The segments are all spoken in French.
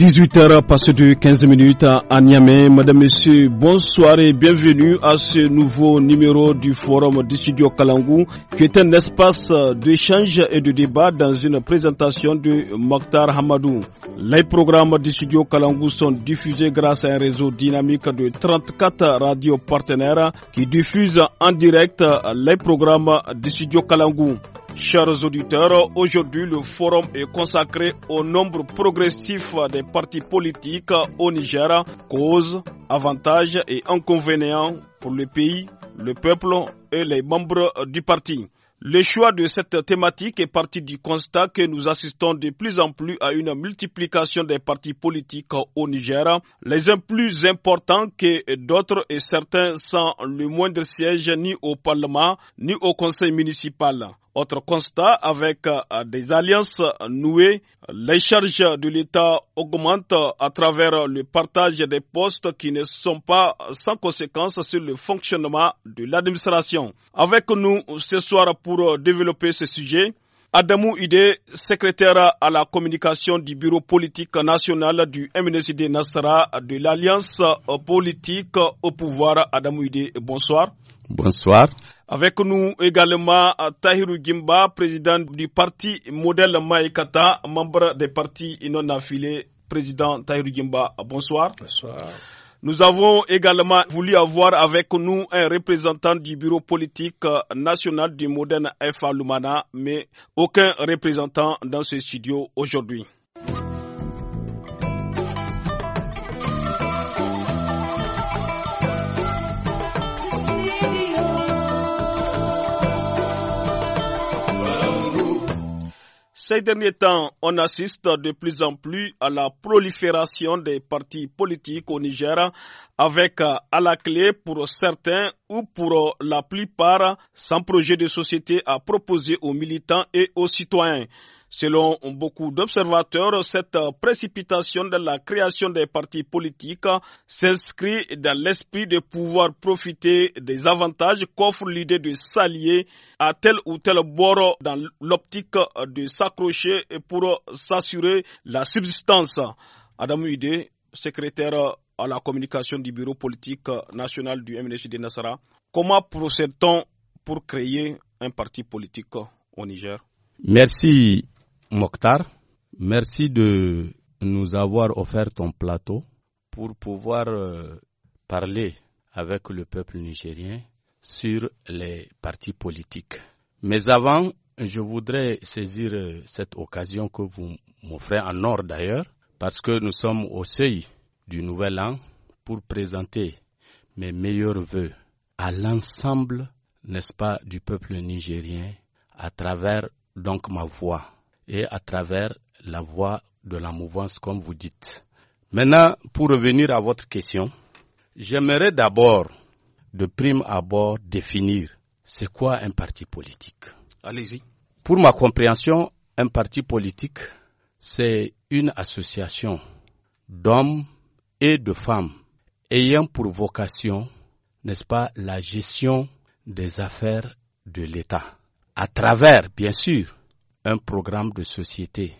18h passé de 15 minutes à Niamey. Madame, Messieurs, bonsoir et bienvenue à ce nouveau numéro du Forum de Studio Kalangou, qui est un espace d'échange et de débat dans une présentation de Mokhtar Hamadou. Les programmes de Studio Kalangou sont diffusés grâce à un réseau dynamique de 34 radios partenaires qui diffusent en direct les programmes de Studio Kalangou. Chers auditeurs, aujourd'hui le forum est consacré au nombre progressif des partis politiques au Niger, causent avantages et inconvénients pour le pays, le peuple et les membres du parti. Le choix de cette thématique est parti du constat que nous assistons de plus en plus à une multiplication des partis politiques au Niger, les uns plus importants que d'autres et certains sans le moindre siège ni au Parlement ni au Conseil municipal. Autre constat, avec euh, des alliances nouées, les charges de l'État augmentent à travers le partage des postes qui ne sont pas sans conséquence sur le fonctionnement de l'administration. Avec nous ce soir pour développer ce sujet, Adamou Ide, secrétaire à la communication du Bureau politique national du MNCD Nassara de l'Alliance politique au pouvoir. Adamou Ide, bonsoir. Bonsoir. Avec nous également euh, Tahiru Gimba, président du parti Modèle Maïkata, membre des partis non affiliés. Président Tahiru Gimba, bonsoir. Bonsoir. Nous avons également voulu avoir avec nous un représentant du bureau politique euh, national du Modèle FA Lumana, mais aucun représentant dans ce studio aujourd'hui. Ces derniers temps, on assiste de plus en plus à la prolifération des partis politiques au Niger avec euh, à la clé pour certains ou pour euh, la plupart sans projet de société à proposer aux militants et aux citoyens. Selon beaucoup d'observateurs, cette précipitation de la création des partis politiques s'inscrit dans l'esprit de pouvoir profiter des avantages qu'offre l'idée de s'allier à tel ou tel bord dans l'optique de s'accrocher pour s'assurer la subsistance. Adam Uide, secrétaire à la communication du bureau politique national du MNH de Nassara, comment procède-t-on pour créer un parti politique au Niger Merci Mokhtar, merci de nous avoir offert ton plateau pour pouvoir euh, parler avec le peuple nigérien sur les partis politiques. Mais avant, je voudrais saisir euh, cette occasion que vous m'offrez en or d'ailleurs, parce que nous sommes au seuil du nouvel an pour présenter mes meilleurs voeux à l'ensemble, n'est-ce pas, du peuple nigérien à travers donc ma voix et à travers la voie de la mouvance, comme vous dites. Maintenant, pour revenir à votre question, j'aimerais d'abord, de prime abord, définir c'est quoi un parti politique. Allez-y. Pour ma compréhension, un parti politique, c'est une association d'hommes et de femmes ayant pour vocation, n'est-ce pas, la gestion des affaires de l'État, à travers, bien sûr, un programme de société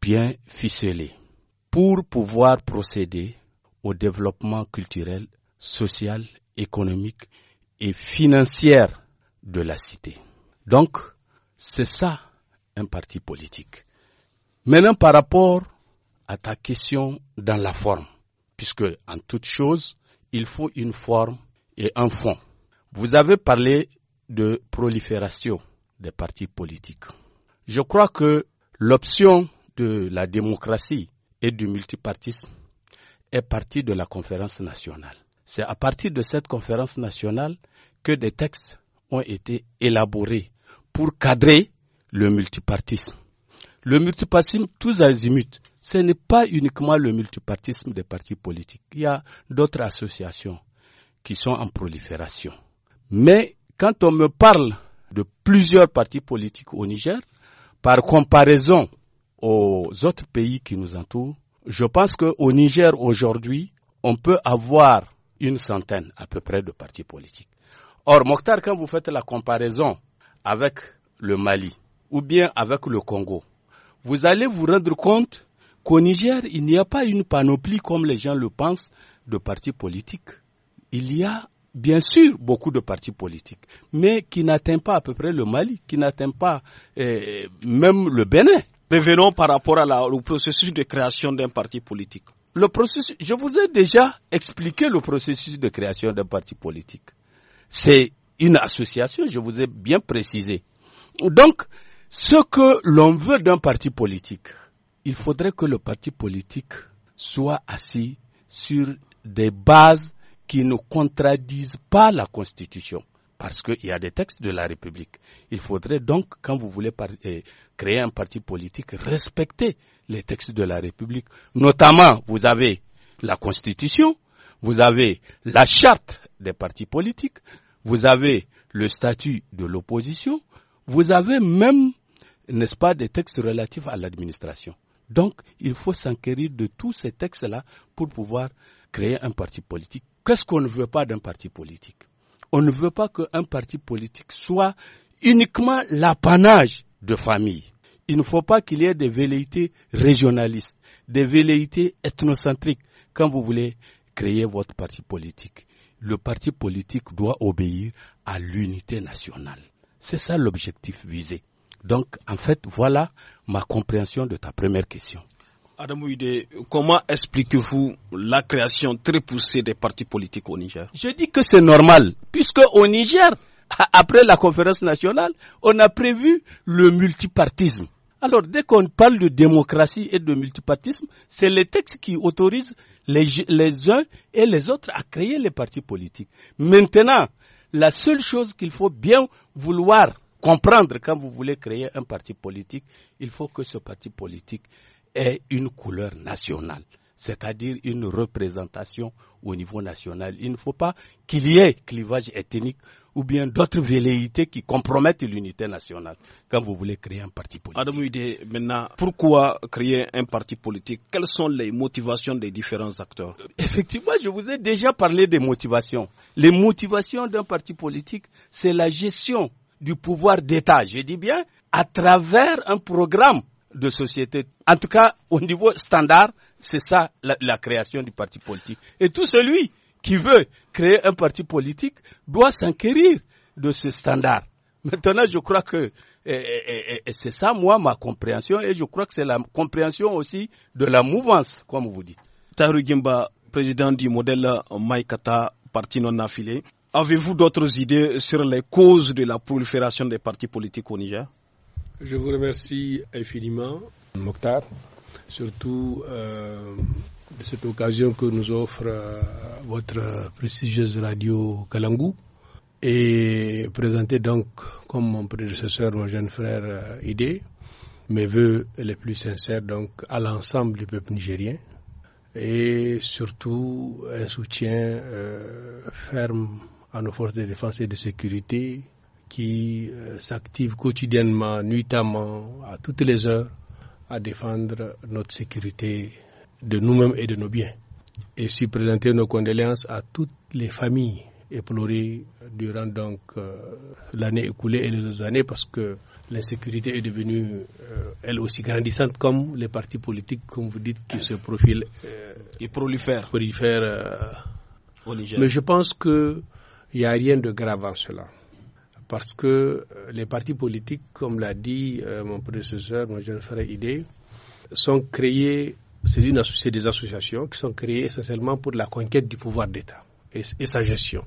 bien ficelé pour pouvoir procéder au développement culturel, social, économique et financier de la cité. Donc, c'est ça un parti politique. Maintenant, par rapport à ta question dans la forme, puisque en toute chose, il faut une forme et un fond. Vous avez parlé de prolifération des partis politiques. Je crois que l'option de la démocratie et du multipartisme est partie de la conférence nationale. C'est à partir de cette conférence nationale que des textes ont été élaborés pour cadrer le multipartisme. Le multipartisme, tous azimuts, ce n'est pas uniquement le multipartisme des partis politiques. Il y a d'autres associations qui sont en prolifération. Mais quand on me parle de plusieurs partis politiques au Niger, par comparaison aux autres pays qui nous entourent, je pense qu'au Niger aujourd'hui, on peut avoir une centaine à peu près de partis politiques. Or, Mokhtar, quand vous faites la comparaison avec le Mali ou bien avec le Congo, vous allez vous rendre compte qu'au Niger, il n'y a pas une panoplie, comme les gens le pensent, de partis politiques. Il y a bien sûr beaucoup de partis politiques, mais qui n'atteint pas à peu près le Mali, qui n'atteint pas euh, même le Bénin. Revenons par rapport à au processus de création d'un parti politique. Le processus, je vous ai déjà expliqué le processus de création d'un parti politique. C'est une association, je vous ai bien précisé. Donc, ce que l'on veut d'un parti politique, il faudrait que le parti politique soit assis sur des bases qui ne contradisent pas la Constitution, parce qu'il y a des textes de la République. Il faudrait donc, quand vous voulez euh, créer un parti politique, respecter les textes de la République. Notamment, vous avez la Constitution, vous avez la charte des partis politiques, vous avez le statut de l'opposition, vous avez même, n'est-ce pas, des textes relatifs à l'administration. Donc, il faut s'enquérir de tous ces textes-là pour pouvoir créer un parti politique Qu'est-ce qu'on ne veut pas d'un parti politique On ne veut pas qu'un parti politique soit uniquement l'apanage de famille. Il ne faut pas qu'il y ait des velléités régionalistes, des velléités ethnocentriques quand vous voulez créer votre parti politique. Le parti politique doit obéir à l'unité nationale. C'est ça l'objectif visé. Donc, en fait, voilà ma compréhension de ta première question. Adam comment expliquez-vous la création très poussée des partis politiques au Niger Je dis que c'est normal, puisque au Niger, après la conférence nationale, on a prévu le multipartisme. Alors, dès qu'on parle de démocratie et de multipartisme, c'est les textes qui autorisent les, uns et les autres à créer les partis politiques. Maintenant, la seule chose qu'il faut bien vouloir comprendre quand vous voulez créer un parti politique, il faut que ce parti politique est une couleur nationale, c'est-à-dire une représentation au niveau national. Il ne faut pas qu'il y ait clivage ethnique ou bien d'autres velléités qui compromettent l'unité nationale quand vous voulez créer un parti politique. maintenant, pourquoi créer un parti politique Quelles sont les motivations des différents acteurs Effectivement, je vous ai déjà parlé des motivations. Les motivations d'un parti politique, c'est la gestion du pouvoir d'État, je dis bien, à travers un programme de société. En tout cas, au niveau standard, c'est ça la, création du parti politique. Et tout celui qui veut créer un parti politique doit s'enquérir de ce standard. Maintenant, je crois que c'est ça, moi, ma compréhension, et je crois que c'est la compréhension aussi de la mouvance, comme vous dites. Taru Gimba, président du modèle Maïkata, parti non affilié, avez-vous d'autres idées sur les causes de la prolifération des partis politiques au Niger je vous remercie infiniment, Mokhtar, surtout euh, de cette occasion que nous offre euh, votre prestigieuse radio Kalangou. Et présenter donc, comme mon prédécesseur, mon jeune frère euh, Idé, mes voeux les plus sincères donc à l'ensemble du peuple nigérien et surtout un soutien ferme à nos forces de défense et de sécurité, qui euh, s'activent s'active quotidiennement, nuitamment, à toutes les heures, à défendre notre sécurité de nous-mêmes et de nos biens. Et si présenter nos condoléances à toutes les familles éplorées durant donc euh, l'année écoulée et les années parce que l'insécurité est devenue euh, elle aussi grandissante comme les partis politiques, comme vous dites, qui se profilent et prolifèrent. prolifèrent Mais je pense qu'il n'y a rien de grave en cela parce que euh, les partis politiques, comme l'a dit euh, mon prédécesseur, mon jeune frère Idé, sont créés, c'est des associations qui sont créées essentiellement pour la conquête du pouvoir d'État et, sa gestion.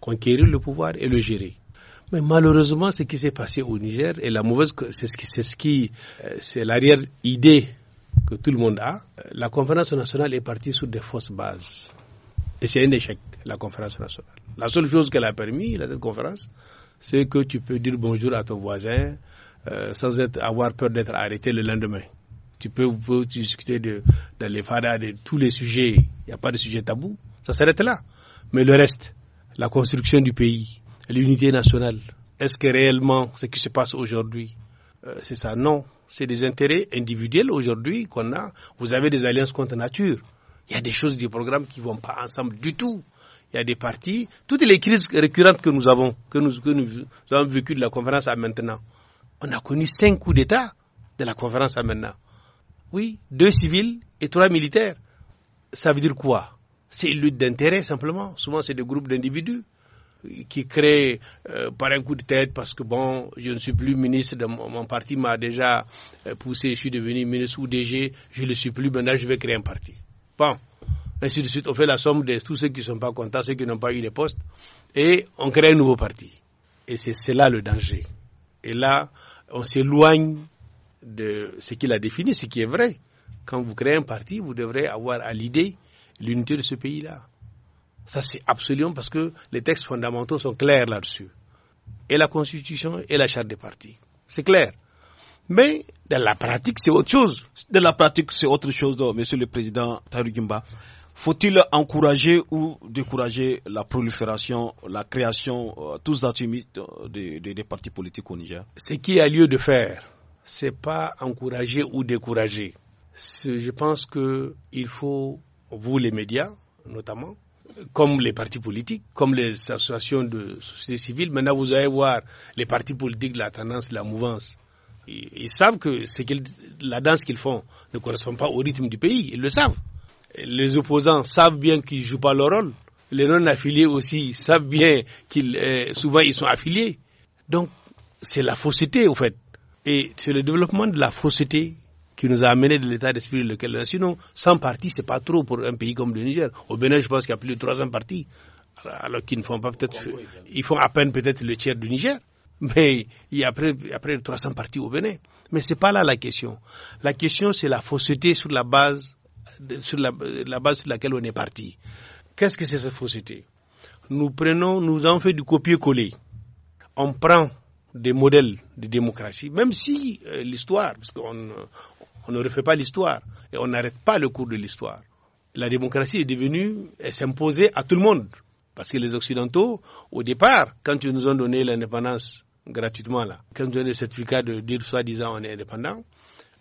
Conquérir le pouvoir et le gérer. Mais malheureusement, ce qui s'est passé au Niger et la mauvaise, c'est ce qui, c'est ce qui, euh, c'est l'arrière-idée que tout le monde a. La conférence nationale est partie sur des fausses bases. Et c'est un échec, la conférence nationale. La seule chose qu'elle a permis, la conférence, c'est que tu peux dire bonjour à ton voisin euh, sans être, avoir peur d'être arrêté le lendemain. Tu peux, discuter de, dans les fadas de tous les sujets. Il n'y a pas de sujet tabou. Ça s'arrête là. Mais le reste, la construction du pays, l'unité nationale, est-ce que réellement ce qui se passe aujourd'hui, euh, c'est ça Non. C'est des intérêts individuels aujourd'hui qu'on a. Vous avez des alliances contre nature. Il y a des choses du programme qui ne vont pas ensemble du tout il y a des partis. Toutes les crises récurrentes que nous avons, que nous, avons vécues de la conférence à maintenant, on a connu cinq coups d'État de la conférence à maintenant. Oui, deux civils et trois militaires. Ça veut dire quoi C'est une lutte d'intérêt simplement. Souvent, c'est des groupes d'individus qui créent euh, par un coup de tête parce que bon, je ne suis plus ministre, de mon, mon parti m'a déjà euh, poussé, je suis devenu ministre ou DG, je ne le suis plus, maintenant je vais créer un parti. Bon, ainsi de suite. On fait la somme de tous ceux qui ne sont pas contents, ceux qui n'ont pas eu les postes, et on crée un nouveau parti. Et c'est là le danger. Et là, on s'éloigne de ce qu'il a défini, ce qui est vrai. Quand vous créez un parti, vous devrez avoir à l'idée l'unité de ce pays-là. Ça, c'est absolument parce que les textes fondamentaux sont clairs là-dessus. Et la Constitution et la Charte des partis. C'est clair. Mais dans la pratique, c'est autre chose. Dans la pratique, c'est autre chose, monsieur le Président Tarugimba. Faut-il encourager ou décourager la prolifération, la création, euh, tous euh, des, partis politiques au Niger Ce qui a lieu de faire, c'est pas encourager ou décourager. Je pense qu'il faut, vous les médias notamment, comme les partis politiques, comme les associations de société civile. Maintenant, vous allez voir les partis politiques, la tendance, la mouvance. Ils, savent que ce la danse qu'ils font ne correspond pas au rythme du pays. Ils le savent les opposants savent bien qu'ils ne jouent pas leur rôle. Les non-affiliés aussi savent bien qu'ils, euh, souvent, ils sont affiliés. Donc, c'est la fausseté, au fait. Et c'est le développement de la fausseté qui nous a amené de l'état d'esprit lequel nous Sinon, 100 partis, c'est pas trop pour un pays comme le Niger. Au Bénin, je pense qu'il y a plus de 300 partis. Alors qu'ils ne font pas peut-être. Ils font à peine peut-être le tiers du Niger. Mais il y a après, après 300 partis au Bénin. Mais c'est pas là la question. La question, c'est la fausseté sur la base sur la, base sur laquelle on est parti. Qu'est-ce que c'est cette fausseté Nous prenons, nous en fait du copier-coller. On prend des modèles de démocratie, même si euh, l'histoire, parce qu'on euh, on ne refait pas l'histoire et on n'arrête pas le cours de l'histoire. La démocratie est devenue, elle s'imposait à tout le monde. Parce que les Occidentaux, au départ, quand ils nous ont donné l'indépendance gratuitement, là, quand ils ont donné le certificat de dire soi-disant on est indépendant,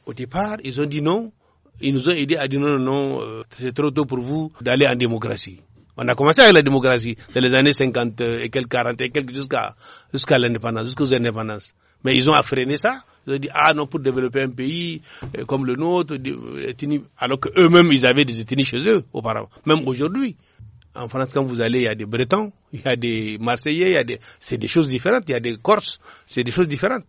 au départ, ils ont dit non, ils nous ont aidé à dire non, non, non, euh, c'est trop tôt pour vous d'aller en démocratie. On a commencé avec la démocratie dans les années 50 et quelques 40 et quelques jusqu'à jusqu'à l'indépendance, jusqu'aux indépendances. Mais ils ont freiné ça. Ils ont dit ah non pour développer un pays euh, comme le nôtre, euh, alors qu'eux-mêmes ils avaient des ethnies chez eux auparavant, même aujourd'hui. En France, quand vous allez, il y a des Bretons, il y a des Marseillais, il y a des, c'est des choses différentes. Il y a des Corses, c'est des choses différentes.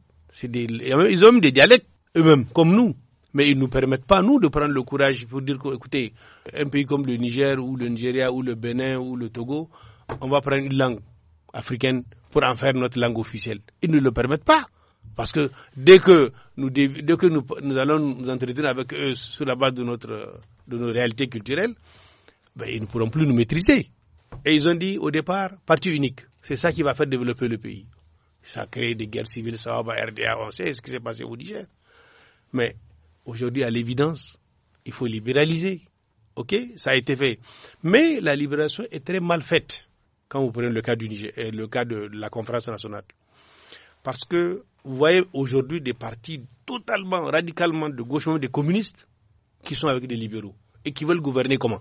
des, ils ont même des dialectes eux-mêmes, comme nous mais ils ne nous permettent pas, nous, de prendre le courage pour dire écoutez, un pays comme le Niger ou le Nigeria ou le Bénin ou le Togo, on va prendre une langue africaine pour en faire notre langue officielle. Ils ne le permettent pas. Parce que dès que nous, dès que nous, allons nous entretenir avec eux sur la base de, notre, de nos réalités culturelles, ben, ils ne pourront plus nous maîtriser. Et ils ont dit au départ, parti unique. C'est ça qui va faire développer le pays. Ça a créé des guerres civiles, ça va RDA, on sait ce qui s'est passé au Niger. Mais Aujourd'hui, à l'évidence, il faut libéraliser. OK Ça a été fait. Mais la libération est très mal faite quand vous prenez le cas, du Niger, euh, le cas de la conférence nationale. Parce que vous voyez aujourd'hui des partis totalement, radicalement de gauche, des communistes, qui sont avec des libéraux et qui veulent gouverner comment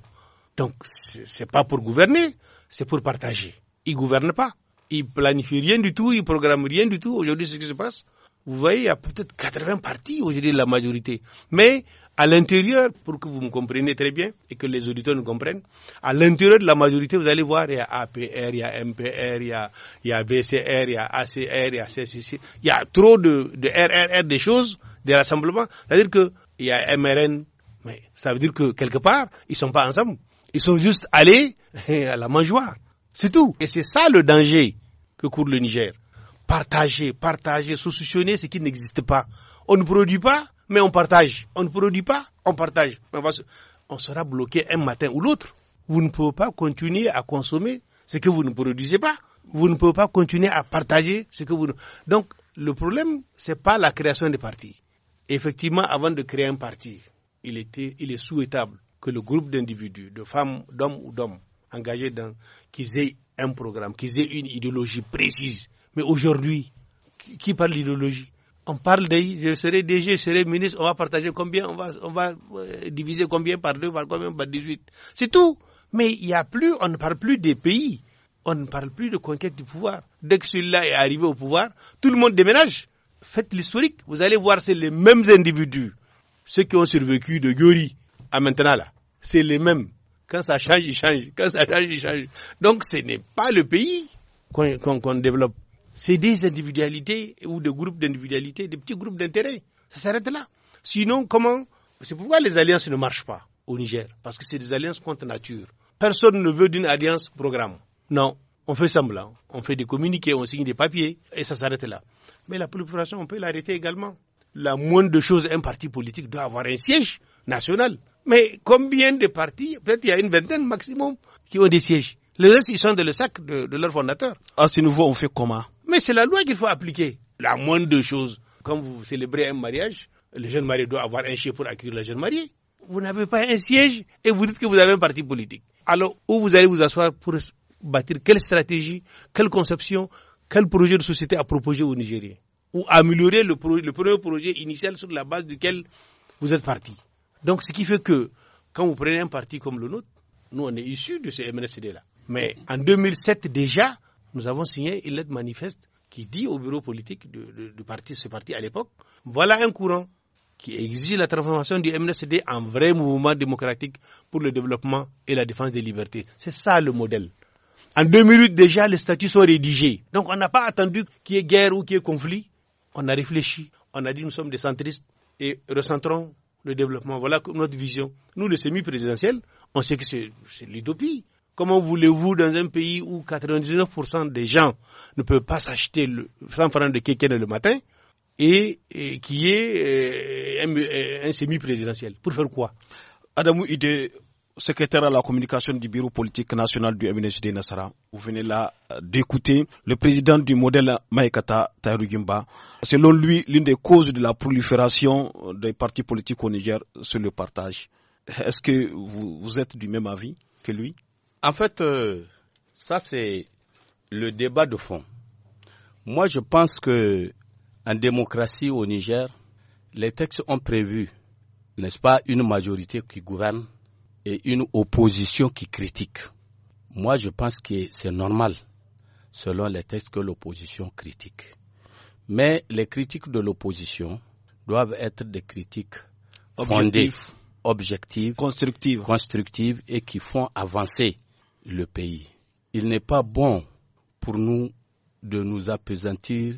Donc, ce n'est pas pour gouverner, c'est pour partager. Ils ne gouvernent pas. Ils planifient rien du tout, ils programment rien du tout. Aujourd'hui, c'est ce qui se passe. Vous voyez, il y a peut-être 80 parties aujourd'hui la majorité. Mais à l'intérieur, pour que vous me compreniez très bien et que les auditeurs nous comprennent, à l'intérieur de la majorité, vous allez voir, il y a APR, il y a MPR, il y a, il BCR, il y a ACR, il y a CCC. Il y a trop de, de RRR, des choses, des rassemblements. C'est-à-dire qu'il y a MRN, mais ça veut dire que quelque part, ils ne sont pas ensemble. Ils sont juste allés à la mangeoire. C'est tout. Et c'est ça le danger que court le Niger partager, partager, solutionner ce qui n'existe pas. On ne produit pas, mais on partage. On ne produit pas, on partage. on sera bloqué un matin ou l'autre. Vous ne pouvez pas continuer à consommer ce que vous ne produisez pas. Vous ne pouvez pas continuer à partager ce que vous ne... Donc, le problème, ce n'est pas la création des partis. Effectivement, avant de créer un parti, il, était, il est souhaitable que le groupe d'individus, de femmes, d'hommes ou d'hommes, engagés dans, qu'ils aient un programme, qu'ils aient une idéologie précise, mais aujourd'hui, qui, parle d'idéologie On parle des. je serai DG, je serai ministre, on va partager combien, on va, on va euh, diviser combien par deux, par combien par 18. C'est tout. Mais il y a plus, on ne parle plus des pays. On ne parle plus de conquête du pouvoir. Dès que celui-là est arrivé au pouvoir, tout le monde déménage. Faites l'historique. Vous allez voir, c'est les mêmes individus. Ceux qui ont survécu de Gori à maintenant là. C'est les mêmes. Quand ça change, il change. Quand ça change, il change. Donc ce n'est pas le pays qu'on développe c'est des individualités ou des groupes d'individualités, des petits groupes d'intérêts. Ça s'arrête là. Sinon, comment C'est pourquoi les alliances ne marchent pas au Niger, parce que c'est des alliances contre nature. Personne ne veut d'une alliance programme. Non, on fait semblant, on fait des communiqués, on signe des papiers, et ça s'arrête là. Mais la population, on peut l'arrêter également. La moindre chose, un parti politique doit avoir un siège national. Mais combien de partis Peut-être il y a une vingtaine maximum qui ont des sièges. Les restes, ils sont dans le sac de, leurs leur fondateur. À ah, ce nouveau, on fait comment mais c'est la loi qu'il faut appliquer. La moindre chose, Quand vous célébrez un mariage, le jeune marié doit avoir un chien pour accueillir le jeune marié. Vous n'avez pas un siège et vous dites que vous avez un parti politique. Alors, où vous allez vous asseoir pour bâtir quelle stratégie, quelle conception, quel projet de société à proposer aux Nigériens Ou améliorer le, premier projet initial sur la base duquel vous êtes parti. Donc, ce qui fait que quand vous prenez un parti comme le nôtre, nous, on est issus de ces MNCD-là. Mais en 2007 déjà, nous avons signé une lettre manifeste qui dit au bureau politique de parti, ce parti à l'époque, voilà un courant qui exige la transformation du MNCD en vrai mouvement démocratique pour le développement et la défense des libertés. C'est ça le modèle. En deux minutes déjà, les statuts sont rédigés. Donc on n'a pas attendu qu'il y ait guerre ou qu'il y ait conflit. On a réfléchi, on a dit nous sommes des centristes et recentrons le développement. Voilà notre vision. Nous, le semi-présidentiel, on sait que c'est l'utopie. Comment voulez-vous, dans un pays où 99% des gens ne peuvent pas s'acheter le 100 francs de quelqu'un le matin, et, qui est euh, euh, un, semi-présidentiel Pour faire quoi Adamou Ide, secrétaire à la communication du Bureau politique national du MNSD Nassara, vous venez là euh, d'écouter le président du modèle Maïkata Gimba. Selon lui, l'une des causes de la prolifération des partis politiques au Niger, c'est le partage. Est-ce que vous êtes du même avis que lui en fait, euh, ça c'est le débat de fond. Moi, je pense que en démocratie au Niger, les textes ont prévu, n'est-ce pas, une majorité qui gouverne et une opposition qui critique. Moi, je pense que c'est normal, selon les textes, que l'opposition critique. Mais les critiques de l'opposition doivent être des critiques fondées, objectives, constructives. constructives et qui font avancer le pays. Il n'est pas bon pour nous de nous appesantir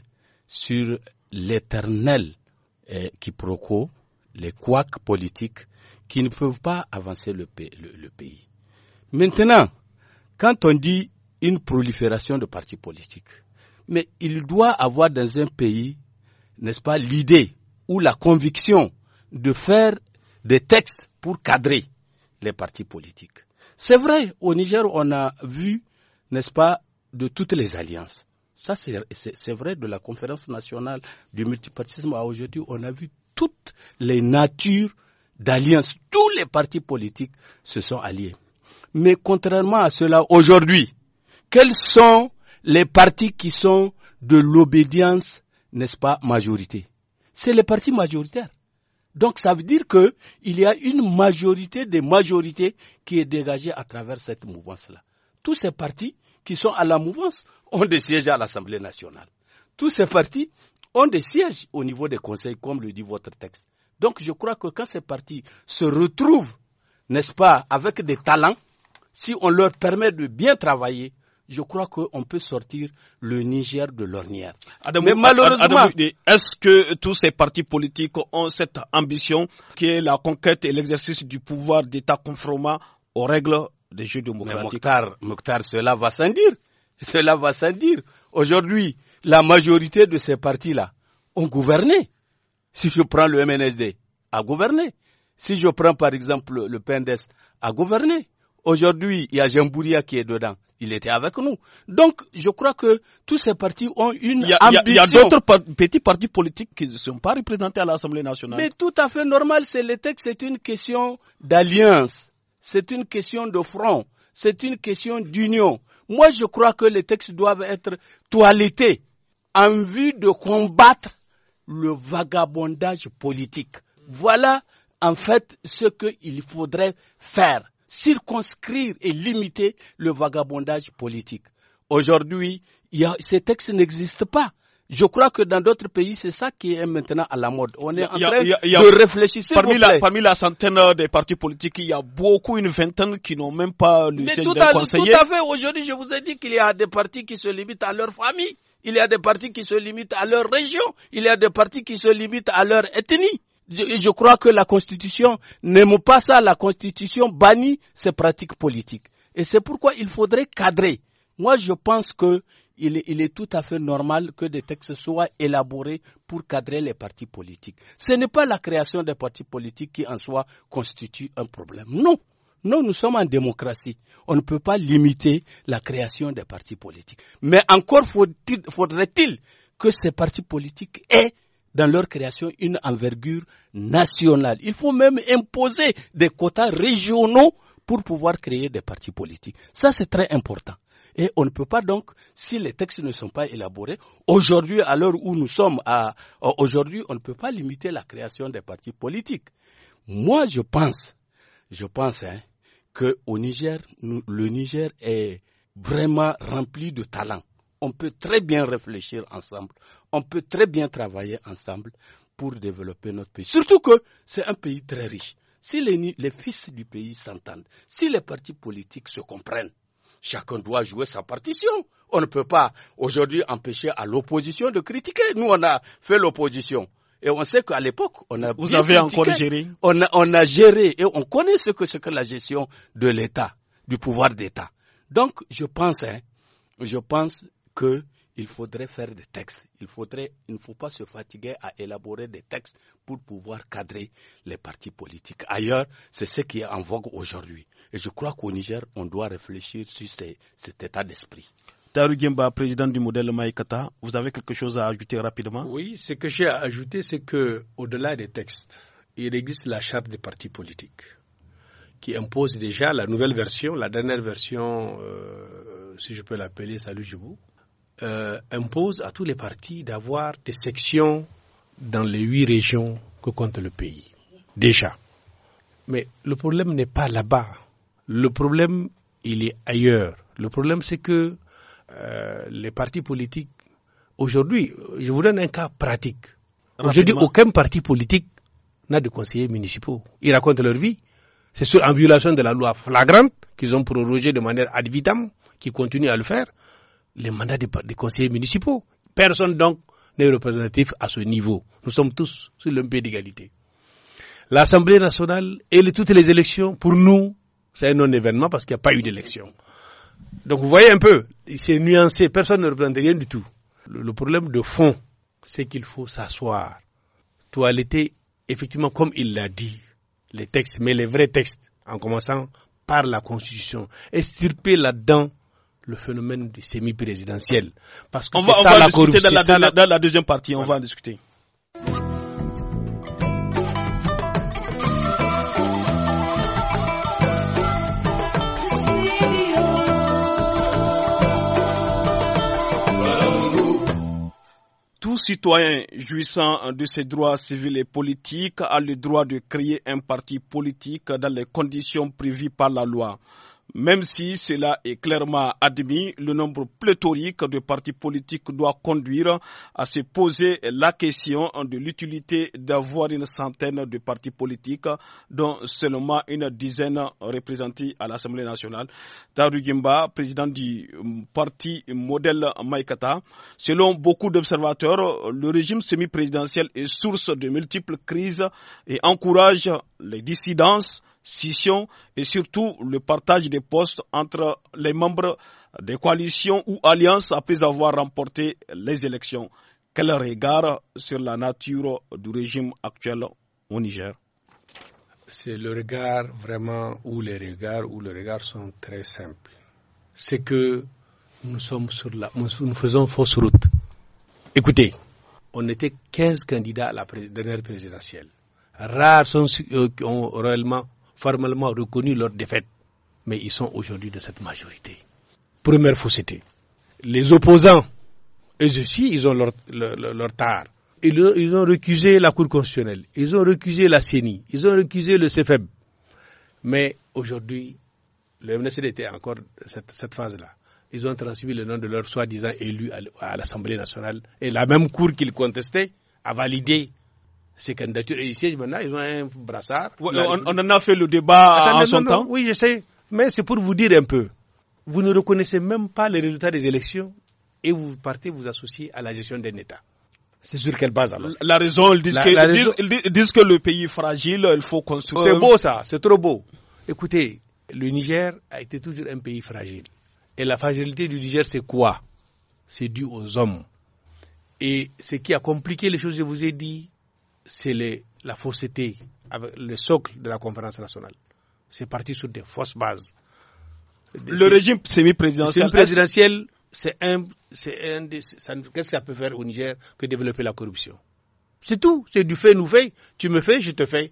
sur l'éternel qui eh, quiproquo, les couacs politiques qui ne peuvent pas avancer le pays. Maintenant, quand on dit une prolifération de partis politiques, mais il doit avoir dans un pays, n'est-ce pas, l'idée ou la conviction de faire des textes pour cadrer les partis politiques. C'est vrai, au Niger, on a vu, n'est-ce pas, de toutes les alliances. Ça, c'est vrai, de la conférence nationale du multipartisme à aujourd'hui, on a vu toutes les natures d'alliances. Tous les partis politiques se sont alliés. Mais contrairement à cela, aujourd'hui, quels sont les partis qui sont de l'obédience, n'est-ce pas, majorité C'est les partis majoritaires. Donc ça veut dire qu'il y a une majorité des majorités qui est dégagée à travers cette mouvance-là. Tous ces partis qui sont à la mouvance ont des sièges à l'Assemblée nationale. Tous ces partis ont des sièges au niveau des conseils, comme le dit votre texte. Donc je crois que quand ces partis se retrouvent, n'est-ce pas, avec des talents, si on leur permet de bien travailler, je crois qu'on peut sortir le Niger de l'ornière. Mais malheureusement, est-ce que tous ces partis politiques ont cette ambition qui est la conquête et l'exercice du pouvoir d'État conformément aux règles des jeux démocratiques Mais Mokhtar, cela va sans dire. Cela va sans dire. Aujourd'hui, la majorité de ces partis-là ont gouverné. Si je prends le MNSD, a gouverné. Si je prends par exemple le PNDES, à gouverner, Aujourd'hui, il y a Jambouria qui est dedans il était avec nous. Donc, je crois que tous ces partis ont une il Il y a, d'autres petits partis politiques qui ne sont pas représentés à l'Assemblée nationale. Mais tout à fait normal, c'est le texte, c'est une question d'alliance, c'est une question de front, c'est une question d'union. Moi, je crois que les textes doivent être toilettés en vue de combattre le vagabondage politique. Voilà, en fait, ce qu'il faudrait faire circonscrire et limiter le vagabondage politique. Aujourd'hui, ces textes n'existent pas. Je crois que dans d'autres pays, c'est ça qui est maintenant à la mode. On est en train de réfléchir. Parmi, la, la centaine euh, des partis politiques, il y a beaucoup, une vingtaine qui n'ont même pas le siège d'un conseiller. Tout à fait. Aujourd'hui, je vous ai dit qu'il y a des partis qui se limitent à leur famille. Il y a des partis qui se limitent à leur région. Il y a des partis qui se limitent à leur ethnie je, crois que la Constitution n'aime pas ça. La Constitution bannit ces pratiques politiques. Et c'est pourquoi il faudrait cadrer. Moi, je pense que est, tout à fait normal que des textes soient élaborés pour cadrer les partis politiques. Ce n'est pas la création des partis politiques qui en soi constitue un problème. Non. Non, nous sommes en démocratie. On ne peut pas limiter la création des partis politiques. Mais encore faudrait-il que ces partis politiques aient dans leur création une envergure nationale. Il faut même imposer des quotas régionaux pour pouvoir créer des partis politiques. Ça, c'est très important. Et on ne peut pas donc, si les textes ne sont pas élaborés, aujourd'hui, à l'heure où nous sommes, euh, aujourd'hui, on ne peut pas limiter la création des partis politiques. Moi, je pense, je pense hein, que au Niger, le Niger est vraiment rempli de talents. On peut très bien réfléchir ensemble on peut très bien travailler ensemble pour développer notre pays. Surtout que c'est un pays très riche. Si les, fils du pays s'entendent, si les partis politiques se comprennent, chacun doit jouer sa partition. On ne peut pas aujourd'hui empêcher à l'opposition de critiquer. Nous, on a fait l'opposition. Et on sait qu'à l'époque, on a. Vous avez encore géré on a, on a, géré et on connaît ce que c'est que la gestion de l'État, du pouvoir d'État. Donc, je pense, hein, je pense que il faudrait faire des textes. Il faudrait, il ne faut pas se fatiguer à élaborer des textes pour pouvoir cadrer les partis politiques. Ailleurs, c'est ce qui est en vogue aujourd'hui. Et je crois qu'au Niger, on doit réfléchir sur cet état d'esprit. Taru Gimba, président du modèle Maïkata, vous avez quelque chose à ajouter rapidement Oui, ce que j'ai à ajouter, c'est que au-delà des textes, il existe la charte des partis politiques qui impose déjà la nouvelle version, la dernière version, euh, si je peux l'appeler, salut Jibou, euh, impose à tous les partis d'avoir des sections dans les huit régions que compte le pays. Déjà. Mais le problème n'est pas là-bas. Le problème, il est ailleurs. Le problème, c'est que euh, les partis politiques, aujourd'hui, je vous donne un cas pratique. Aujourd'hui, aucun parti politique n'a de conseillers municipaux. Ils racontent leur vie. C'est en violation de la loi flagrante qu'ils ont prorogée de manière ad vitam, qui continuent à le faire les mandats des, conseillers municipaux. Personne donc n'est représentatif à ce niveau. Nous sommes tous sur le pied d'égalité. L'Assemblée nationale et toutes les élections, pour nous, c'est un non-événement parce qu'il n'y a pas eu d'élection. Donc vous voyez un peu, c'est nuancé, personne ne représente rien du tout. Le, problème de fond, c'est qu'il faut s'asseoir, toiletter, effectivement, comme il l'a dit, les textes, mais les vrais textes, en commençant par la Constitution, estirper là-dedans le phénomène du semi-présidentiel. Parce que on ça la Dans la, deuxième partie, on va en discuter. tout citoyen jouissant de ses droits civils et politiques a le droit de créer un parti politique dans les conditions prévues par la loi. Même si cela est clairement admis, le nombre pléthorique de partis politiques doit conduire à se poser la question de l'utilité d'avoir une centaine de partis politiques, dont seulement une dizaine représentés à l'Assemblée nationale. Taru Gimba, président du parti modèle Maïkata, selon beaucoup d'observateurs, le régime semi-présidentiel est source de multiples crises et encourage les dissidences scission et surtout le partage des postes entre les membres des coalitions ou alliances après avoir remporté les élections. Quel regard sur la nature du régime actuel au Niger C'est le regard vraiment où les regards où le sont très simples. C'est que nous sommes sur la nous faisons fausse route. Écoutez, on était 15 candidats à la dernière présidentielle. Rares sont ceux euh, qui ont réellement formellement reconnu leur défaite, mais ils sont aujourd'hui de cette majorité. Première fausseté. Les opposants, eux aussi, ils ont leur, tard. Ils, ont recusé la Cour constitutionnelle, ils ont recusé la CENI, ils ont recusé le CFEB. Mais aujourd'hui, le MNCD était encore cette, phase-là. Ils ont transmis le nom de leur soi-disant élu à l'Assemblée nationale et la même Cour qu'ils contestaient a validé ces candidatures ils siègent maintenant, ils ont un brassard. on, en a fait le débat en son temps. Oui, je sais, mais c'est pour vous dire un peu. Vous ne reconnaissez même pas les résultats des élections et vous partez vous associer à la gestion d'un État. C'est sur quelle base alors La raison, ils disent, que, que le pays est fragile, il faut construire. C'est beau ça, c'est trop beau. Écoutez, le Niger a été toujours un pays fragile. Et la fragilité du Niger, c'est quoi C'est dû aux hommes. Et ce qui a compliqué les choses, je vous ai dit, c'est la fausseté, avec le socle de la conférence nationale. C'est parti sur des fausses bases. Le régime semi-présidentiel. Semi-présidentiel, c'est un, des... qu'est-ce que ça peut faire au Niger que développer la corruption C'est tout. C'est du fait nous fait. Tu me fais, je te fais.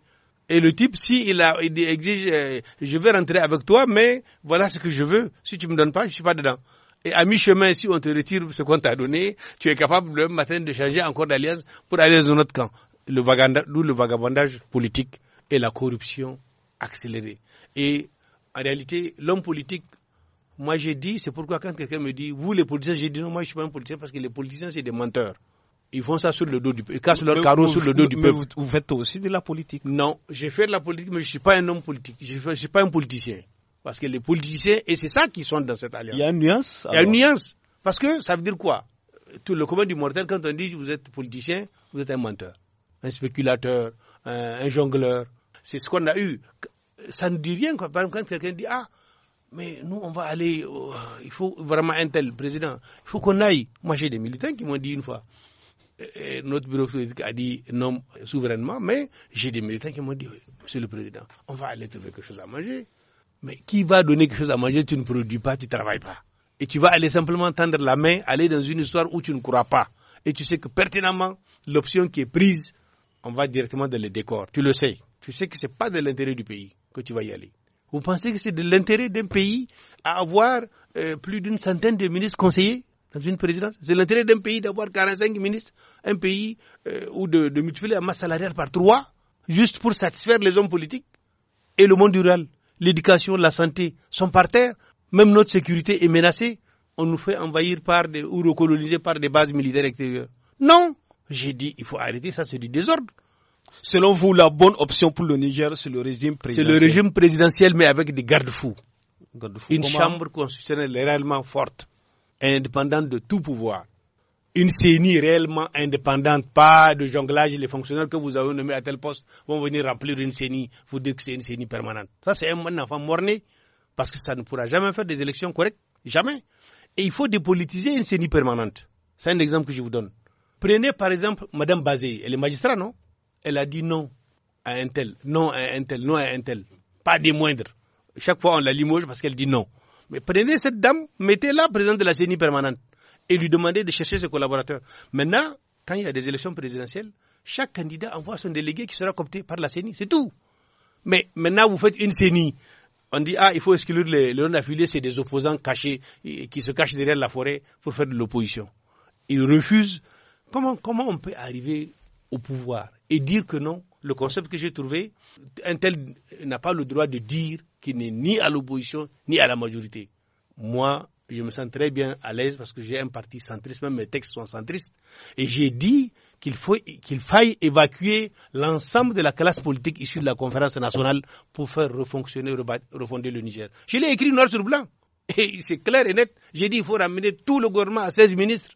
Et le type, si il, a, exige, euh, je vais rentrer avec toi, mais voilà ce que je veux. Si tu me donnes pas, je suis pas dedans. Et à mi-chemin, si on te retire ce qu'on t'a donné, tu es capable le matin de changer encore d'alliance pour aller dans notre camp le d'où le vagabondage politique et la corruption accélérée. Et en réalité, l'homme politique, moi j'ai dit, c'est pourquoi quand quelqu'un me dit, vous les politiciens, j'ai dit non, moi je ne suis pas un politicien parce que les politiciens c'est des menteurs. Ils font ça sur le dos du peuple. Ils cassent leur carreau sur le dos du peuple. Vous, faites aussi de la politique Non, j'ai fait de la politique, mais je ne suis pas un homme politique. Je ne suis pas un politicien. Parce que les politiciens, et c'est ça qui sont dans cette alliance. Il y a une nuance Il y a une nuance. Parce que ça veut dire quoi Tout le commun du mortel, quand on dit vous êtes politicien, vous êtes un menteur un spéculateur, un, jongleur. C'est ce qu'on a eu. Ça ne dit rien. Quoi. Par exemple, quand quelqu'un dit Ah, mais nous, on va aller, il faut vraiment un tel président, il faut qu'on aille. Moi, j'ai des militants qui m'ont dit une fois. notre bureau politique a dit non souverainement, mais j'ai des militants qui m'ont dit Monsieur le Président, on va aller trouver quelque chose à manger. Mais qui va donner quelque chose à manger Tu ne produis pas, tu ne travailles pas. Et tu vas aller simplement tendre la main, aller dans une histoire où tu ne crois pas. Et tu sais que pertinemment, l'option qui est prise, on va directement dans le décor. Tu le sais. Tu sais que ce n'est pas de l'intérêt du pays que tu vas y aller. Vous pensez que c'est de l'intérêt d'un pays à avoir euh, plus d'une centaine de ministres conseillers dans une présidence C'est l'intérêt d'un pays d'avoir 45 ministres, un pays euh, ou de, multiplier la masse salariale par trois, juste pour satisfaire les hommes politiques et le monde rural. L'éducation, la santé sont par terre. Même notre sécurité est menacée. On nous fait envahir par des, ou recoloniser par des bases militaires extérieures. Non, j'ai dit, il faut arrêter, ça c'est du désordre. Selon vous, la bonne option pour le Niger, c'est le régime présidentiel. C'est le régime présidentiel, mais avec des garde-fous. une chambre constitutionnelle réellement forte, indépendante de tout pouvoir. Une CENI réellement indépendante, pas de jonglage. Les fonctionnaires que vous avez nommés à tel poste vont venir remplir une CENI, vous dire que c'est une CENI permanente. Ça, c'est un enfant morné, parce que ça ne pourra jamais faire des élections correctes. Jamais. Et il faut dépolitiser une CENI permanente. C'est un exemple que je vous donne. Prenez par exemple Madame Bazé, elle est magistrat, non Elle a dit non à un tel, non à un tel, non à un tel. Pas des moindres. Chaque fois, on la limoge parce qu'elle dit non. Mais prenez cette dame, mettez-la présente de la CENI permanente et lui demandez de chercher ses collaborateurs. Maintenant, quand il y a des élections présidentielles, chaque candidat envoie son délégué qui sera coopté par la CENI, c'est tout. Mais maintenant, vous faites une CENI. On dit, ah, il faut exclure les, les non c'est des opposants cachés qui se cachent derrière la forêt pour faire de l'opposition. Ils refusent Comment, comment on peut arriver au pouvoir et dire que non Le concept que j'ai trouvé, un tel n'a pas le droit de dire qu'il n'est ni à l'opposition ni à la majorité. Moi, je me sens très bien à l'aise parce que j'ai un parti centriste, même mes textes sont centristes, et j'ai dit qu'il qu'il faille évacuer l'ensemble de la classe politique issue de la conférence nationale pour faire refonctionner, refonder le Niger. Je l'ai écrit noir sur blanc. Et c'est clair et net. J'ai dit qu'il faut ramener tout le gouvernement à 16 ministres.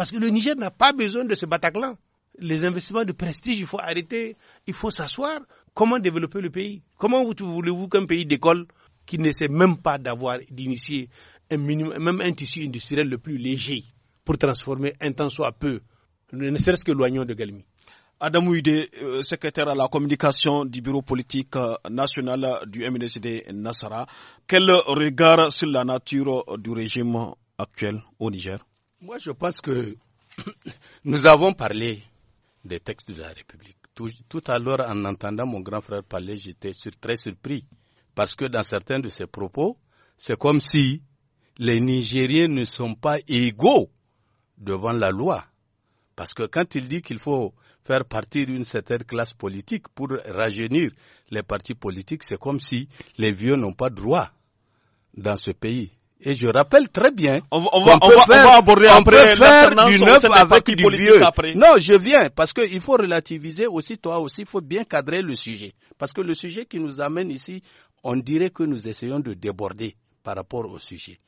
Parce que le Niger n'a pas besoin de ce Bataclan. Les investissements de prestige, il faut arrêter, il faut s'asseoir. Comment développer le pays Comment voulez-vous qu'un pays décolle qui n'essaie même pas d'avoir, d'initier un même un tissu industriel le plus léger pour transformer un temps soit peu, ne serait-ce que l'oignon de Galmi Adam Ouide, euh, secrétaire à la communication du bureau politique euh, national du MNSD Nassara. Quel regard sur la nature euh, du régime actuel au Niger moi, je pense que nous avons parlé des textes de la République. Tout, à l'heure, en entendant mon grand frère parler, j'étais sur, très surpris parce que dans certains de ses propos, c'est comme si les Nigériens ne sont pas égaux devant la loi. Parce que quand il dit qu'il faut faire partir une certaine classe politique pour rajeunir les partis politiques, c'est comme si les vieux n'ont pas droit dans ce pays. Et je rappelle très bien. On, peut faire, du neuf avec du vieux. Après. Non, je viens parce qu'il faut relativiser aussi, toi aussi, il faut bien cadrer le sujet. Parce que le sujet qui nous amène ici, on dirait que nous essayons de déborder par rapport au sujet.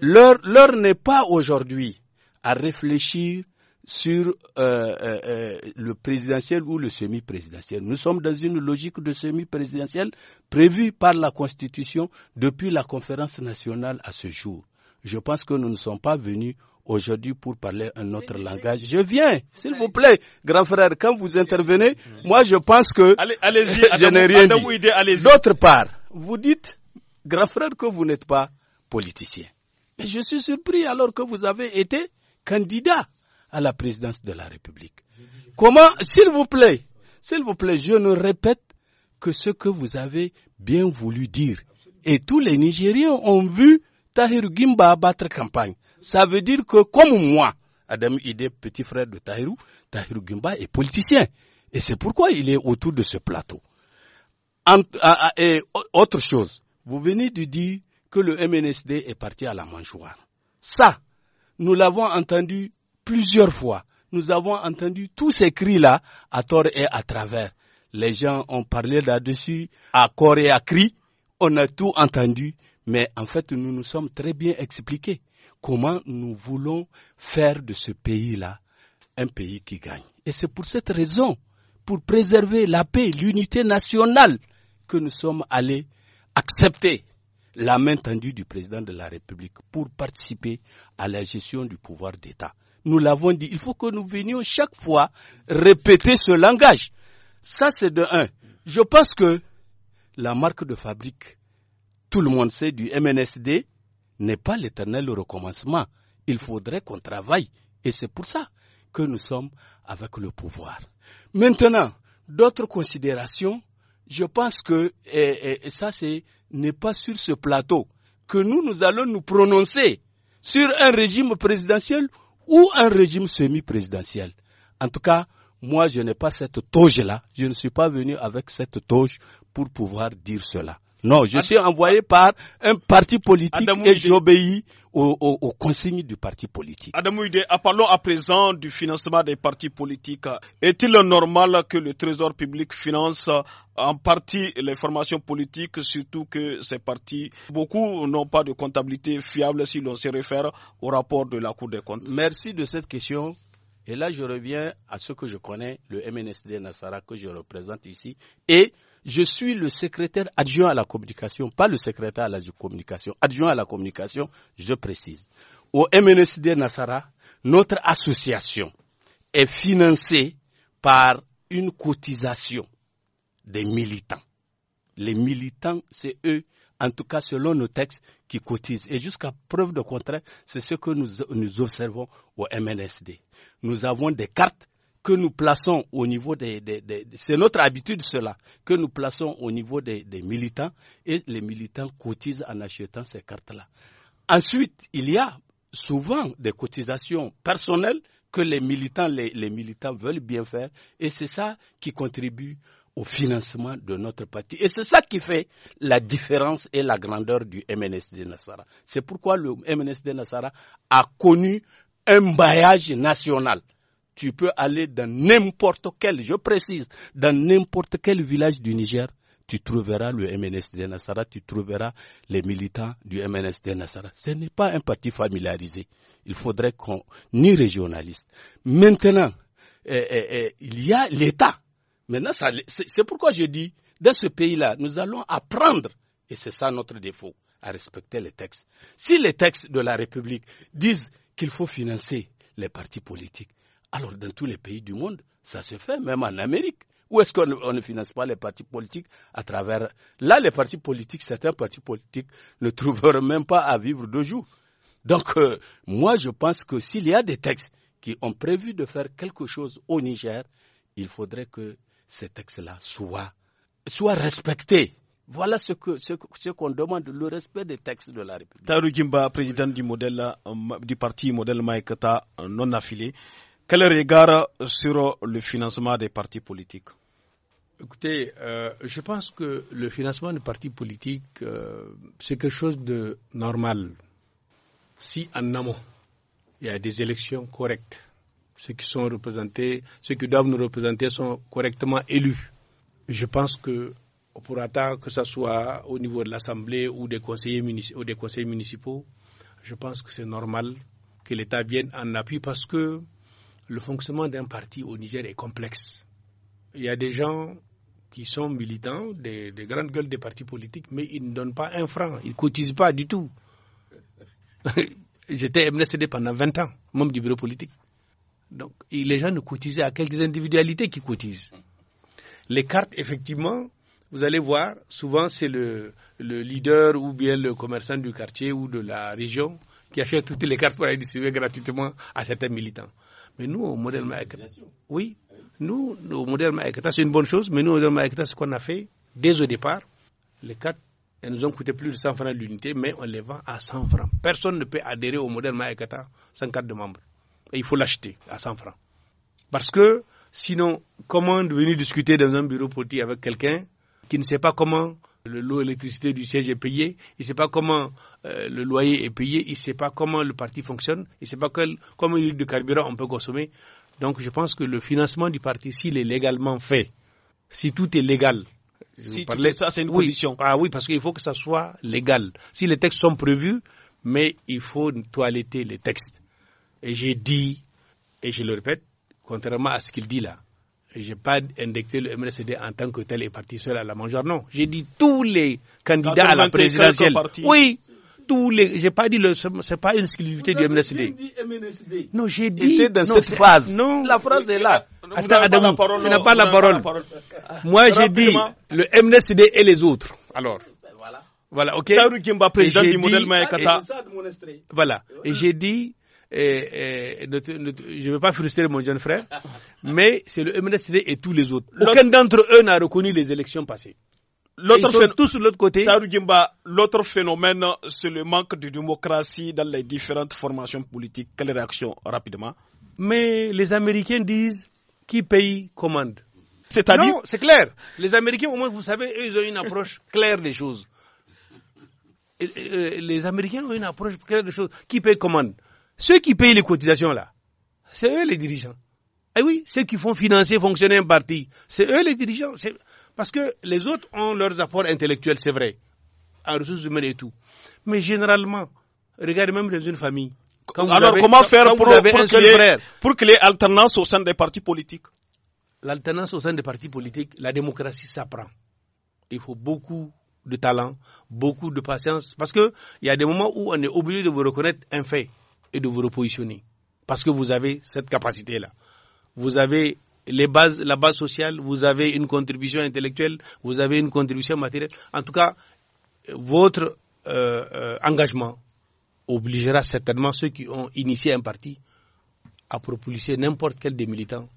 L'heure n'est pas aujourd'hui à réfléchir sur euh, euh, euh, le présidentiel ou le semi-présidentiel. Nous sommes dans une logique de semi-présidentiel prévue par la Constitution depuis la conférence nationale à ce jour. Je pense que nous ne sommes pas venus aujourd'hui pour parler un autre langage. Je viens, s'il vous plaît, grand frère, quand vous intervenez, moi je pense que allez, je n'ai rien dit. D'autre part, vous dites, grand frère, que vous n'êtes pas politicien. Mais je suis surpris alors que vous avez été candidat à la présidence de la République. Comment, s'il vous plaît, s'il vous plaît, je ne répète que ce que vous avez bien voulu dire. Et tous les Nigériens ont vu Tahir Gimba battre campagne. Ça veut dire que, comme moi, Adam Ide, petit frère de Tahirou, Tahirou Gimba est politicien. Et c'est pourquoi il est autour de ce plateau. Ah, ah, et autre chose, vous venez de dire que le MNSD est parti à la mangeoire. Ça, nous l'avons entendu plusieurs fois. Nous avons entendu tous ces cris-là à tort et à travers. Les gens ont parlé là-dessus à corps et à cri. On a tout entendu. Mais en fait, nous nous sommes très bien expliqués comment nous voulons faire de ce pays-là un pays qui gagne. Et c'est pour cette raison, pour préserver la paix, l'unité nationale, que nous sommes allés accepter la main tendue du président de la République pour participer à la gestion du pouvoir d'État nous l'avons dit. Il faut que nous venions chaque fois répéter ce langage. Ça, c'est de un. Je pense que la marque de fabrique, tout le monde sait, du MNSD n'est pas l'éternel recommencement. Il faudrait qu'on travaille. Et c'est pour ça que nous sommes avec le pouvoir. Maintenant, d'autres considérations, je pense que, et, ça, c'est n'est pas sur ce plateau que nous, nous allons nous prononcer sur un régime présidentiel ou un régime semi-présidentiel. En tout cas, moi, je n'ai pas cette toge-là. Je ne suis pas venu avec cette toge pour pouvoir dire cela. Non, je suis envoyé par un parti politique et j'obéis aux, consignes du parti politique. Adam parlons à présent du financement des partis politiques. Est-il normal que le Trésor public finance en partie les formations politiques, surtout que ces partis, beaucoup n'ont pas de comptabilité fiable si l'on se réfère au rapport de la Cour des comptes Merci de cette question. Et là, je reviens à ce que je connais, le MNSD Nassara que je représente ici. Et je suis le secrétaire adjoint à la communication, pas le secrétaire à la communication, adjoint à la communication, je précise. Au MNSD Nassara, notre association est financée par une cotisation des militants. Les militants, c'est eux, en tout cas selon nos textes, qui cotisent. Et jusqu'à preuve de contraire, c'est ce que nous, nous observons au MNSD nous avons des cartes que nous plaçons au niveau des... des, c'est notre habitude cela, que nous plaçons au niveau des, militants et les militants cotisent en achetant ces cartes-là. Ensuite, il y a souvent des cotisations personnelles que les militants, les, les militants veulent bien faire et c'est ça qui contribue au financement de notre parti. Et c'est ça qui fait la différence et la grandeur du MNSD Nassara. C'est pourquoi le MNSD Nassara a connu un bailliage national. Tu peux aller dans n'importe quel, je précise, dans n'importe quel village du Niger, tu trouveras le MNSD Nassara, tu trouveras les militants du MNSD Nassara. Ce n'est pas un parti familiarisé. Il faudrait qu'on, ni régionaliste. Maintenant, eh, eh, eh, il y a l'État. Maintenant, c'est pourquoi je dis, dans ce pays-là, nous allons apprendre, et c'est ça notre défaut, à respecter les textes. Si les textes de la République disent qu'il faut financer les partis politiques. Alors dans tous les pays du monde, ça se fait, même en Amérique. Où est-ce qu'on ne finance pas les partis politiques à travers... Là, les partis politiques, certains partis politiques ne trouveront même pas à vivre deux jours. Donc, euh, moi, je pense que s'il y a des textes qui ont prévu de faire quelque chose au Niger, il faudrait que ces textes-là soient, soient respectés. Voilà ce qu'on demande, le respect des textes de la République. Taru Jimba, président du, modèle, euh, du parti modèle Maïkata euh, non affilié, quel regard euh, sur le financement des partis politiques Écoutez, je pense que le financement des partis politiques, c'est quelque chose de normal. Si en amont, il y a des élections correctes, ceux qui sont représentés, ceux qui doivent nous représenter sont correctement élus. Je pense que pour attendre que ce soit au niveau de l'Assemblée ou des conseillers municipaux, des conseils municipaux, je pense que c'est normal que l'État vienne en appui parce que le fonctionnement d'un parti au Niger est complexe. Il y a des gens qui sont militants, des, grandes gueules des partis politiques, mais ils ne donnent pas un franc, ils ne cotisent pas du tout. J'étais MNCD pendant 20 ans, membre du bureau politique. Donc, les gens ne cotisaient à quelques individualités qui cotisent. Les cartes, effectivement, vous allez voir, souvent c'est le, leader ou bien le commerçant du quartier ou de la région qui a fait toutes les cartes pour aller distribuer gratuitement à certains militants. Mais nous, au modèle Maïkata, oui, nous, au modèle Maïkata, c'est une bonne chose, mais nous, au modèle Maïkata, ce qu'on a fait, dès au départ, les cartes, elles nous ont coûté plus de 100 francs l'unité, mais on les vend à 100 francs. Personne ne peut adhérer au modèle Maïkata sans carte de membre. Et il faut l'acheter à 100 francs. Parce que, sinon, comment venir discuter dans un bureau politique avec quelqu'un qui ne sait pas comment le lot électricité du siège est payé, il ne sait pas comment euh, le loyer est payé, il ne sait pas comment le parti fonctionne, il ne sait pas quel, combien de carburant on peut consommer. Donc je pense que le financement du parti, s'il est légalement fait, si tout est légal, je vous parlais, tout ça c'est une condition. Ah oui, parce qu'il faut que ça soit légal. Si les textes sont prévus, mais il faut toiletter les textes. Et j'ai dit, et je le répète, contrairement à ce qu'il dit là, je n'ai pas indexé le MRCD en tant que tel et parti seul à la mangeoire. Non, j'ai dit tous les candidats à la présidentielle. Oui, tous les. n'ai pas dit le. n'est pas une exclusivité du MNSD. Non, j'ai dit. Était dans cette phrase. Non. La phrase est là. Attends, Adamou, tu n'as pas la parole. Moi, j'ai dit le MNSD et les autres. Alors. Ben, voilà. Voilà, ok. Et j'ai dit... Voilà. Et j'ai dit et, je ne veux pas frustrer mon jeune frère, mais c'est le MNSD et tous les autres. Aucun d'entre eux n'a reconnu les élections passées. L'autre sont tous sur l'autre côté. l'autre phénomène, c'est le manque de démocratie dans les différentes formations politiques. Quelle réaction rapidement Mais les Américains disent qui paye commande. C'est-à-dire c'est clair. Les Américains, au moins, vous savez, ils ont une approche claire des choses. Euh, les Américains ont une approche claire des choses. Qui paye commande ceux qui payent les cotisations là, c'est eux les dirigeants. Eh oui, ceux qui font financer, fonctionner un parti, c'est eux les dirigeants. Parce que les autres ont leurs apports intellectuels, c'est vrai, en ressources humaines et tout. Mais généralement, regardez même dans une famille. Alors comment faire pour, que les alternances au sein des partis politiques L'alternance au sein des partis politiques, la démocratie s'apprend. Il faut beaucoup de talent, beaucoup de patience, parce qu'il y a des moments où on est obligé de vous reconnaître un fait de vous repositionner. Parce que vous avez cette capacité-là. Vous avez les la base sociale, vous avez une contribution intellectuelle, vous avez une contribution matérielle. En tout cas, votre euh, euh, engagement obligera certainement ceux qui ont initié un parti à propulser n'importe quel des militants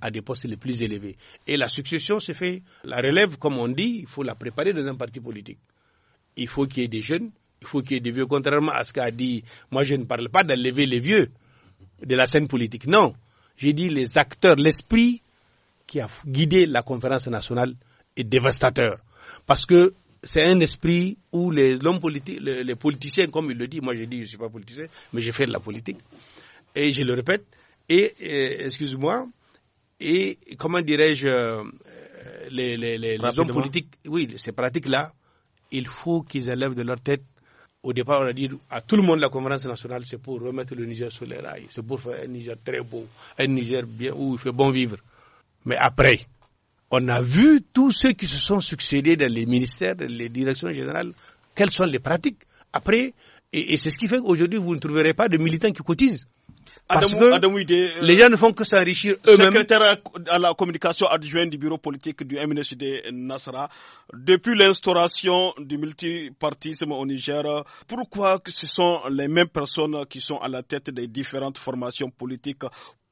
à des postes les plus élevés. Et la succession se fait, la relève, comme on dit, il faut la préparer dans un parti politique. Il faut qu'il y ait des jeunes, il faut qu'il y ait des vieux. Contrairement à ce qu'a dit, moi je ne parle pas d'enlever les vieux de la scène politique. Non, j'ai dit les acteurs, l'esprit qui a guidé la conférence nationale est dévastateur. Parce que c'est un esprit où les, hommes politiques, les, politiciens, comme il le dit, moi je dis je ne suis pas politicien, mais j'ai fait de la politique. Et je le répète, et, excuse-moi, et comment dirais-je, euh, les, les, hommes politiques, oui, ces pratiques-là, il faut qu'ils élèvent de leur tête au départ, on a dit à tout le monde la conférence nationale, c'est pour remettre le Niger sur les rails, c'est pour faire un Niger très beau, un Niger bien où il fait bon vivre. Mais après, on a vu tous ceux qui se sont succédés dans les ministères, dans les directions générales, quelles sont les pratiques. Après, et c'est ce qui fait qu'aujourd'hui, vous ne trouverez pas de militants qui cotisent. Parce les euh, gens ne font que s'enrichir eux-mêmes. Secrétaire à la communication adjointe du bureau politique du MNSD Nasra, depuis l'instauration du multipartisme au Niger, pourquoi ce sont les mêmes personnes qui sont à la tête des différentes formations politiques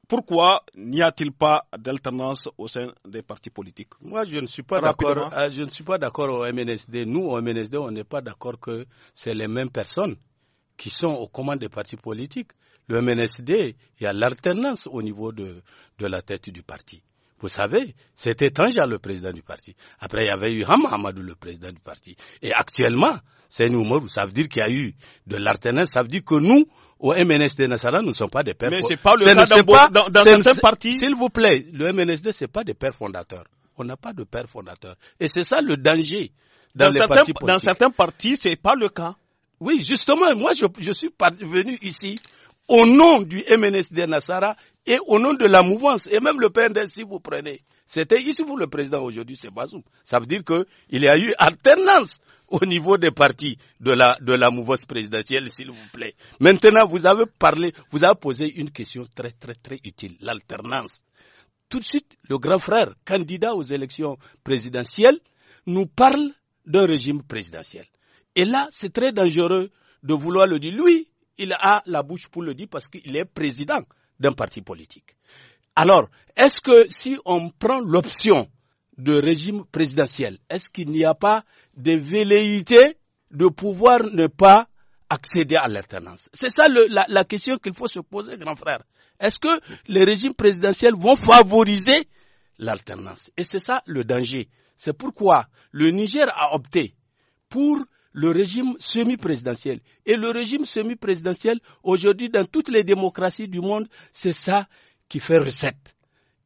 pourquoi n'y a-t-il pas d'alternance au sein des partis politiques Moi, je ne suis pas d'accord. Euh, au MNSD. Nous, au MNSD, on n'est pas d'accord que c'est les mêmes personnes qui sont aux commandes des partis politiques le MNSD, il y a l'alternance au niveau de, de la tête du parti. Vous savez, c'est étranger le président du parti. Après, il y avait eu Hamadou, le président du parti. Et actuellement, c'est nous, ça veut dire qu'il y a eu de l'alternance, ça veut dire que nous, au MNSD Nassara, nous ne sommes pas des pères fondateurs. Mais c'est pas le cas dans, dans, certains partis. S'il vous plaît, le MNSD, c'est pas des pères fondateurs. On n'a pas de pères fondateurs. Et c'est ça le danger dans, les partis politiques. Dans certains partis, c'est pas le cas. Oui, justement, moi, je, je suis venu ici au nom du MNSD Nassara et au nom de la mouvance, et même le PND, si vous prenez, c'était ici vous le président aujourd'hui, c'est Bazoum. Ça veut dire qu'il y a eu alternance au niveau des partis de la, de la mouvance présidentielle, s'il vous plaît. Maintenant, vous avez parlé, vous avez posé une question très, très, très utile, l'alternance. Tout de suite, le grand frère, candidat aux élections présidentielles, nous parle d'un régime présidentiel. Et là, c'est très dangereux de vouloir le dire. Lui, il a la bouche pour le dire parce qu'il est président d'un parti politique. Alors, est-ce que si on prend l'option de régime présidentiel, est-ce qu'il n'y a pas de velléité de pouvoir ne pas accéder à l'alternance C'est ça la, la, question qu'il faut se poser, grand frère. Est-ce que les régimes présidentiels vont favoriser l'alternance Et c'est ça le danger. C'est pourquoi le Niger a opté pour le régime semi-présidentiel. Et le régime semi-présidentiel, aujourd'hui, dans toutes les démocraties du monde, c'est ça qui fait recette.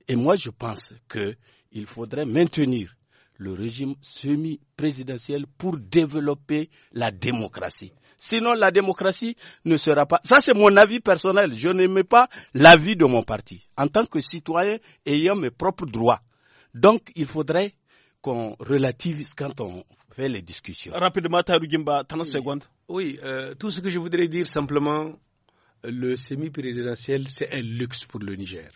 Et moi, je pense qu'il faudrait maintenir le régime semi-présidentiel pour développer la démocratie. Sinon, la démocratie ne sera pas. Ça, c'est mon avis personnel. Je n'aimais pas l'avis de mon parti. En tant que citoyen ayant mes propres droits. Donc, il faudrait qu'on relativise quand on les discussions. Rapidement, 30 oui. secondes. Oui, euh, tout ce que je voudrais dire simplement, le semi-présidentiel, c'est un luxe pour le Niger.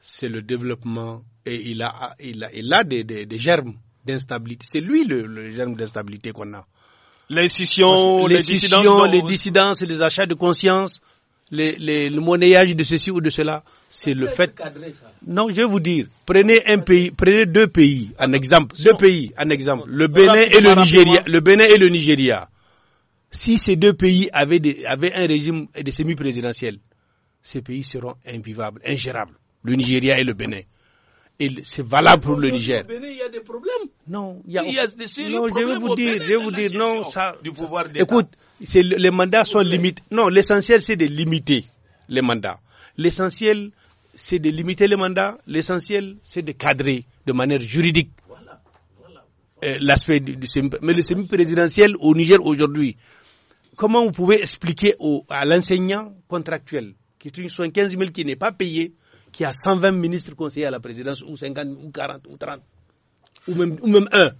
C'est le développement et il a, il a, des, germes d'instabilité. C'est lui le, germe d'instabilité qu'on a. L'incision, les, les, les, dissidents, les dissidences, les achats de conscience, les, le monnayage de ceci ou de cela. C'est le fait. non, je vais vous dire, prenez un pays, prenez deux pays un exemple, deux pays un exemple, le Bénin et le Nigeria, le Bénin et le Nigeria. Si ces deux pays avaient, un régime de semi-présidentiel, ces pays seront invivables, ingérables, le Nigeria et le Bénin. Et c'est valable pour le Niger. le Bénin, il y a des problèmes. Non, il y a, des Je non, Écoute, les mandats sont limités. Non, l'essentiel, c'est de limiter les mandats. L'essentiel, c'est de limiter les mandats. L'essentiel, c'est de cadrer de manière juridique euh, l'aspect du, semi Mais le semi présidentiel au Niger aujourd'hui, comment vous pouvez expliquer à l'enseignant contractuel qui est touche quinze 000 qui n'est pas payé, qui a 120 ministres conseillers à la présidence, ou 50, ou 40, ou 30, ou même un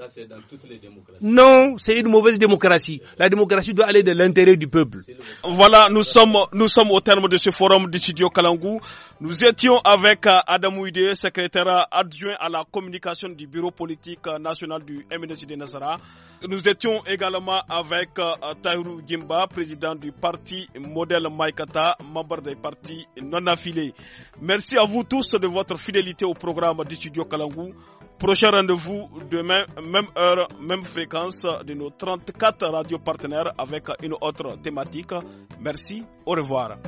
ça, toutes les Non, c'est une mauvaise démocratie. La démocratie doit aller de l'intérêt du peuple. Voilà, nous sommes, nous sommes au terme de ce forum du studio Kalangou. Nous étions avec euh, Adam Ouide, secrétaire adjoint à la communication du bureau politique euh, national du MNC de Nazara. Nous étions également avec euh, Gimba, président du parti Modèle Maikata, membre des partis non affiliés. Merci à vous tous de votre fidélité au programme du studio Kalangou. Prochain rendez-vous demain, même heure, même fréquence de nos 34 radios partenaires avec une autre thématique. Merci, au revoir.